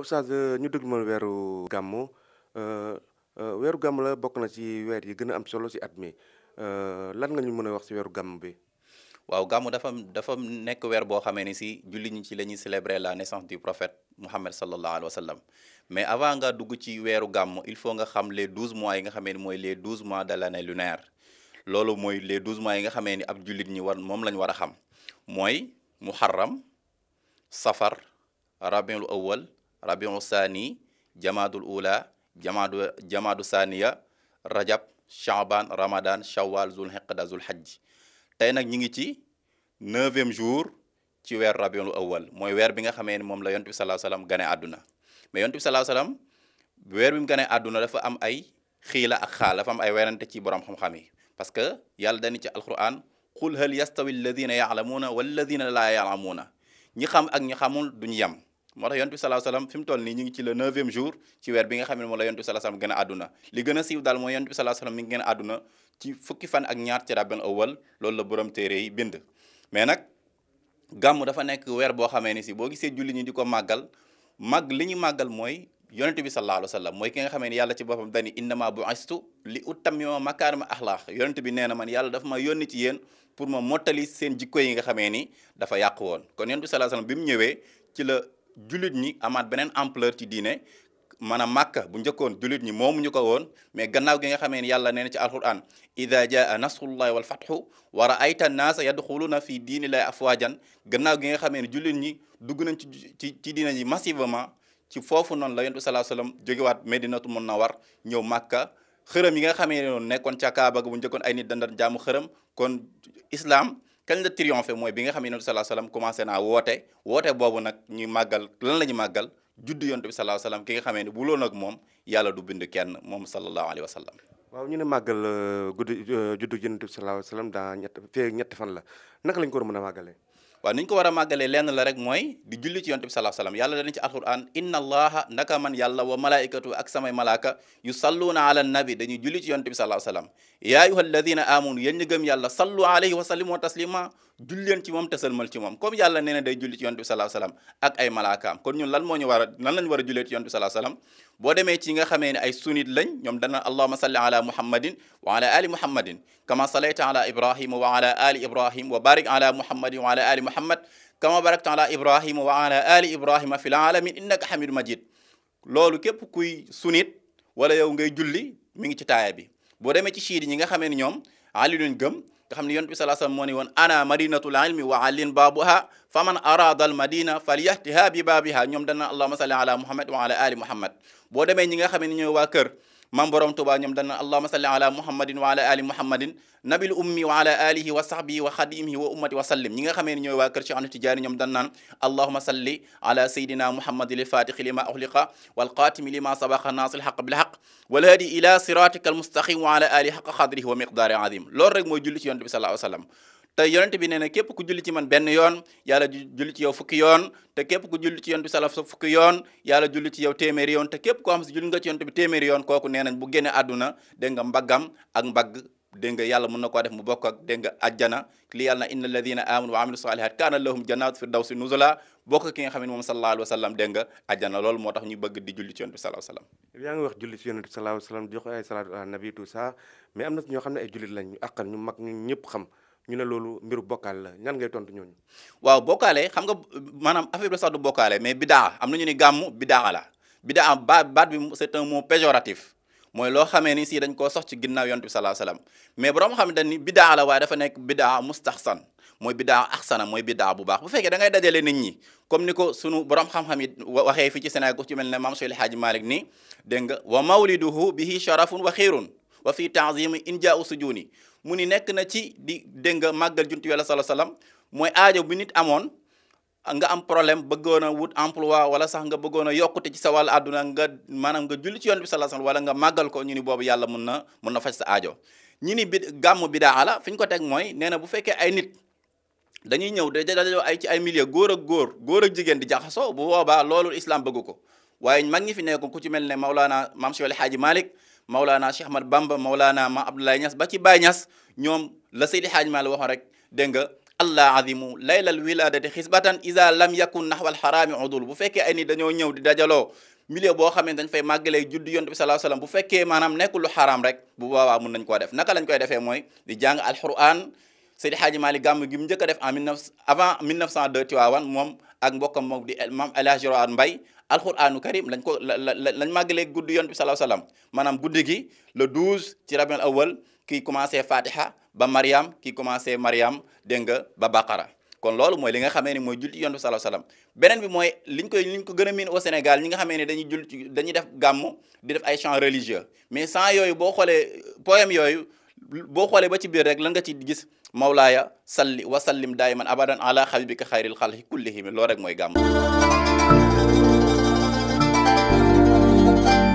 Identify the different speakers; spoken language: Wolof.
Speaker 1: oustaz euh, ñu dëgmal weeru gàmmu euh, euh, weeru gàmmu la bokk na ci weer yi gën a am solo si at mi lan nga ñu mën a wax si weeru gàmmu bi. waaw gàmmu dafa dafa nekk weer boo xamee ni si julli ñi ci la ñuy célébrer la naissance du prophète Muhammad sallallahu alayhi wa sallam mais avant nga dugg ci weeru gàmmu il faut nga xam les douze mois yi nga xamee ni mooy les douze mois de l'année lunaire loolu mooy les douze mois yi nga xamee ni ab jullit ñi war moom lañ war a xam mooy muharram safar rabiul awwal rabiu saani jamaadul ula jamaadu jamaadu saaniya rajab chaban ramadan shawal zul hiqda zul hajj tey nag ñi ngi ci neuvième jour ci weer rabiul awal mooy weer bi nga xamee ne moom la yonent bi salaa salaam gane àdduna mais yonent bi salaa weer bi mu gane àdduna dafa am ay xiila ak xaal dafa am ay werante ci borom xam-xam yi parce que yàlla dani ci alquran qul hal yastawi alladina yaalamuuna walladina laa yaalamuuna ñi xam ak ñi xamul duñu yem moo tax yonent bi sallallahu alayhi wa sallam toll nii ñu ci le neuvième jour ci weer bi nga xam ne la yonent bi sallallahu alayhi wa sallam a li gën a siiw daal mooy yonent bi sallallahu alayhi wa sallam mi ngi ci fukki fan ak ñaar ci rabiul awwal la borom mais nag gàmm dafa nekk weer boo xamee ni si boo gisee julli ñi di ko màggal màgg li ñu màggal mooy yonent bi sallallahu alayhi wa sallam mooy ki nga xamee ni yàlla ci boppam dani innama bu'istu li utammima makaarima axlaax yonent bi nee na man yàlla dafa ma yónni ci yéen pour ma mottali seen jikko yi nga xamee ni dafa yàq woon kon yonent bi sallallahu alayhi wa ñëwee jullit ñi amaat beneen ampleur ci diine maanaam màkka bu njëkkoon jullit ñi moomu ñu ko woon mais gannaaw gi nga xamee ni yàlla nee na ci alquran ida jaa nasrullahi wal fathu wa raayta naasa yadxuluna fi diinillahi afwajan gannaaw gi nga xamee ni jullit ñi dugg nañ ci ci ci diine ji massivement ci foofu noonu la yonent bi sallallahu alayhi wasallam jógewaat na war ñëw màkka xërëm yi nga xamee ne noonu nekkoon ca kaaba bu njëkkoon ay ni dandan jaamu xërëm kon islam kañ la triomphé mooy bi nga xam ne yonent bi sallallahu alayhi wasallam naa woote woote boobu nag ñuy màggal lan la ñu màggal juddu yonent bi sallallahu alayhi ki nga xamee ne bu moom yàlla du bind kenn moom sallallahu alayhi wasallam waaw ñu ne màggal euh, guddi euh, juddu yonent bi sallallahu alayhi wasallam daa ñett fee ñetti fan la naka lañ ko war a mën a waaw ni ko war a màggalee lenn la rek mooy di julli ci yonte bi sallallahu alayhi wa sallam yàlla dana ci alquran inna allaha naka man yàlla wa malaikatu ak samay malaaka yu salluuna ala nabi dañuy julli ci yonte bi sallallahu alayhi wa sallam amanu yéen ñu gëm yàlla sallu alayhi wa taslima julli leen ci moom te sëlmal ci moom comme yàlla nee na julli ci yonent bi salaaw salaam ak ay malaakaam kon ñun lan moo ñu war a lan lañ war a jullee ci yonent bi salaaw salaam boo demee ci nga xamee ne ay sunnit lañ ñoom dana allahuma salli ala muhammadin wa ala ali muhammadin kama salayta ala ibrahima wa ala ali ibrahim wa barik ala muhammadin wa ala kama barakta ala ibrahima wa ala ali ibrahima fil alamin innaka hamidu majid loolu képp kuy sunnit wala yow ngay julli mi ngi ci taaya bi boo demee ci chiit ñi nga xamee ne ñoom ali luñ gëm nga xam ne yonent bi salaa sallam moo ne woon ana madinatul ilmi wa alin baabuha fa man arada al madina baabiha ñoom dana allahuma salli ala muhammad wa ali muhammad boo demee ñi nga xam ne waa kër maam borom Tuubaa ñoom dana allahuma salli ala muhammadin wa ala ali muhammadin nabil ummi wa ala alihi wa sahbihi wa xadimihi wa ummati wa sallim ñi nga xamee ne ñooy waa kër Cheikh Ahmad Tijaani ñoom dan naan allahuma salli ala sayidina muhammadi lfatixi lima uxliqa walqatimi lima sabaqa naasir xaq bilxaq walhaadi ila siratika almustaqim wa ala alihi xaqa xadrihi wa miqdaari azim loolu rek mooy julli ci yonent bi sallallahu alayhi wa sallam te yonent bi nee na képp ku julli ci man benn yoon yàlla julli ci yow fukki yoon te képp ku julli ci yonent bi salaf sa fukki yoon yàlla julli ci yow téeméeri yoon te képp koo xam si julli nga ci yonent bi téeméeri yoon kooku nee nañ bu génne àdduna dégg nga mbaggam ak mbagg dégg nga yàlla mën na koo def mu bokk ak dégg nga ajjana li yàlla na inna alladina amanu wa amilu salihat kaana lahum jannatu firdawsi nuzula bokk ki nga xam ne moom sallallahu alayhi wa sallam dégg nga ajjana loolu moo tax ñu bëgg di julli ci yonent bi sallallahu alayhi wa sallam yaa ngi wax julli ci yonent bi sallallahu alayhi wa sallam jox ay salaatu ala nabi tout ça mais am na ñoo xam ne ay jullit lañ ñu àqal ñu mag ñu ñëpp xam ñu ne loolu mbiru bokkaal la ñan ngay tontu ñooñu. waaw bokkaale xam nga maanaam affaire bi sax du bokkaale mais bidaa am na ñu ni gàmmu bidaa la bidaa baat baat bi c'est un mot péjoratif mooy loo xamee ni si dañ koo sox ci ginnaaw yonent bi sallallahu alayhi mais borom xam dañ ni bidaa la waaye dafa nekk bidaa mustaxsan mooy bidaa axsana mooy bidda bu baax bu fekkee da ngay dajale nit ñi comme ni ko sunu borom xam-xam yi waxee fii ci Sénégal ku ci mel ne maam Seydi Hadji Malick ni dégg nga wa mawliduhu bihi sharafun wa xiirun wa fii tanzimi inja u sujuni mu ni nekk na ci di dégg nga màggal juntu yàlla sala salaam mooy aajo bi nit amoon nga am problème bëggoon a wut emploi wala sax nga bëggoon a yokkute ci sa wàll àdduna nga maanaam nga julli ci yoon bi sala salaam wala nga màggal ko ñu ni boobu yàlla mun na mun na faj sa aajo ñi ni bi gàmm bi daa la fi ñu ko teg mooy nee na bu fekkee ay nit dañuy ñëw da dajoo ay ci ay milieu góor ak góor góor ak jigéen di jaxasoo bu boobaa loolu islam bëgg ko waaye mag ñi fi nekk ku ci mel ne Maulana Maam Cheikh El Hadji Malick Maulana Cheikh bamb Bamba Maulana ma Abdoulaye Niass ba ci Baye Niass ñoom la Seydi Hadj Malick waxoon rek dégg nga allah azimu laylal wiladati xisbatan isa lam yakun naxwal xaraami udul bu fekkee ay nit dañoo ñëw di dajaloo milieu boo xam ne dañ fay màggalee juddu yonent bi sallallahu alayhi wasallam bu fekkee maanaam nekkul lu xaraam rek bu boobaa mun nañ koo def naka lañ koy defee mooy di jàng alquran Seydi Hadji Malick gàmm gi mu njëkk def en 19 avant 1902 Tiwaawan moom ak mbokkam moom di mam El Hadj Rohane Mbaye alxuraanu karim lañ ko la la lañ màggalee guddi yonent bi salaahu salaam maanaam guddi gi le 12 ci rabiul awal kii commencé fatiha ba mariam kii commencé mariam dégg nga ba baqara kon loolu mooy li nga xamee ni mooy julli ci yonent bi salaahu salaam beneen bi mooy liñ koy liñ ko gën a miin au Sénégal ñi nga xamee ne dañuy jull dañuy def gàmm di def ay chants religieux mais chants yooyu boo xoolee poème yooyu boo xoolee ba ci biir rek lan nga ci gis mawlaaya salli wa sallim daayiman abadan ala xabibika xayril xalqi kullihim loolu rek mooy gàmm Música